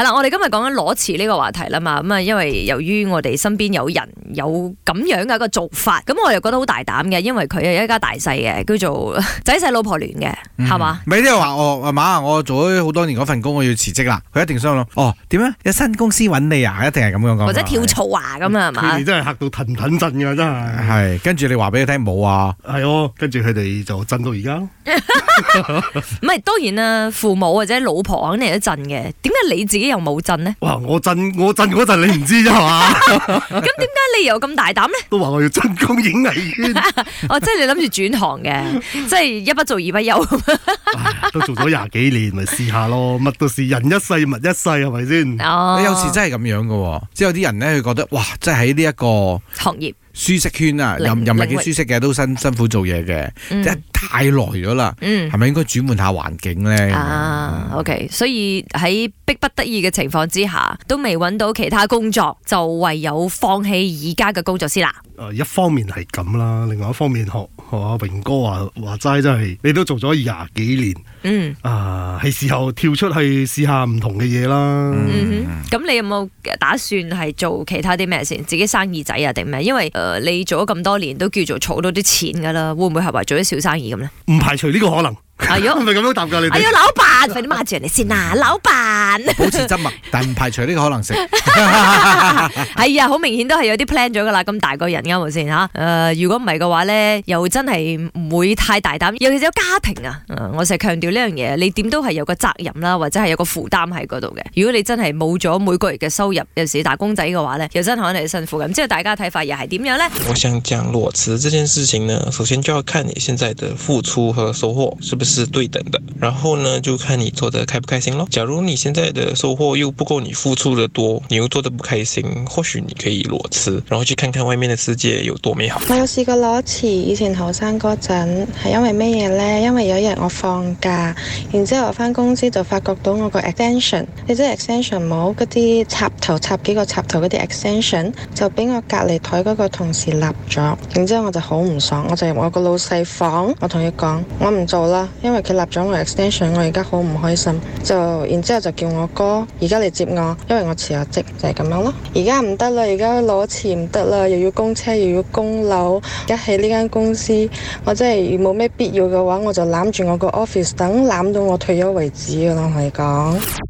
係啦， 我哋今日講緊裸辭呢個話題啦嘛，咁啊，因為由於我哋身邊有人有咁樣嘅一個做法，咁我又覺得好大膽嘅，因為佢係一家大細嘅，叫做仔細老婆戀嘅，係嘛？咪即係話我，阿媽，我做咗好多年嗰份工，我要辭職啦。佢一定想諗，哦，點樣有新公司搵你啊？一定係咁樣講，或者跳槽話咁啊？係嘛？你真係嚇到騰騰震噶，真係。係，跟住你話俾佢聽冇啊，係哦，跟住佢哋就震到而家。唔係，當然啦，父母或者老婆肯定一震嘅。點解你自己又冇震呢？哇！我震我震嗰陣你唔知啫嘛？咁點解你又咁大膽呢？都話我要進攻影藝圈， 哦，即係你諗住轉行嘅，即係一不做二不休。 哎、都做咗廿幾年，咪試下咯，乜都試。人一世物一世，係咪先？你、哦、有時真係咁樣嘅。即係有啲人咧，佢覺得哇，即係喺呢一個行業。舒適圈啊，零又又唔係幾舒適嘅，零都辛辛苦做嘢嘅，即係太耐咗啦，係咪應該轉換下環境咧？啊，OK，所以喺逼不得已嘅情況之下，都未揾到其他工作，就唯有放棄而家嘅工作先啦。誒，一方面係咁啦，另外一方面學學阿榮哥話話齋，真係你都做咗廿幾年，嗯，啊，係時候跳出去試下唔同嘅嘢啦。嗯，咁你有冇打算係做其他啲咩先？自己生意仔啊，定咩？因為誒、呃，你做咗咁多年，都叫做儲到啲錢噶啦，會唔會合埋做啲小生意咁呢？唔排除呢個可能。係咯，唔係咁樣答噶你。哎呀，老闆，快啲罵住人哋先啊，老闆。好似質物，但唔排除呢個可能性。係啊，好明顯都係有啲 plan 咗噶啦，咁大個人啱冇先吓。誒、啊呃，如果唔係嘅話咧，又真係唔會太大膽，尤其是有家庭啊。呃、我成日強調呢樣嘢，你點都係有個責任啦，或者係有個負擔喺嗰度嘅。如果你真係冇咗每個月嘅收入，有時打工仔嘅話咧，又真可能係辛苦緊。唔知大家睇法又係點樣咧？我想講裸辭呢件事情呢，首先就要看你現在嘅付出和收穫，是不是？是對等的，然後呢就看你做得開不開心咯。假如你現在的收穫又不夠你付出的多，你又做得不開心，或許你可以裸辭，然後去看看外面的世界有多美好。我有試過裸辭，以前後生嗰陣係因為咩嘢呢？因為有一日我放假，然之後我翻公司就發覺到我個 extension，即係 extension 冇嗰啲插頭插幾個插頭嗰啲 extension，就俾我隔籬台嗰個同事立咗，然之後我就好唔爽，我就入我個老細房，我同佢講我唔做啦。因為佢立咗我嘅 extension，我而家好唔開心，就然之後就叫我哥而家嚟接我，因為我辭咗職，就係咁樣咯。而家唔得啦，而家攞錢唔得啦，又要供車又要供樓，而家喺呢間公司，我真係冇咩必要嘅話，我就攬住我個 office 等攬到我退休為止噶啦，我係講。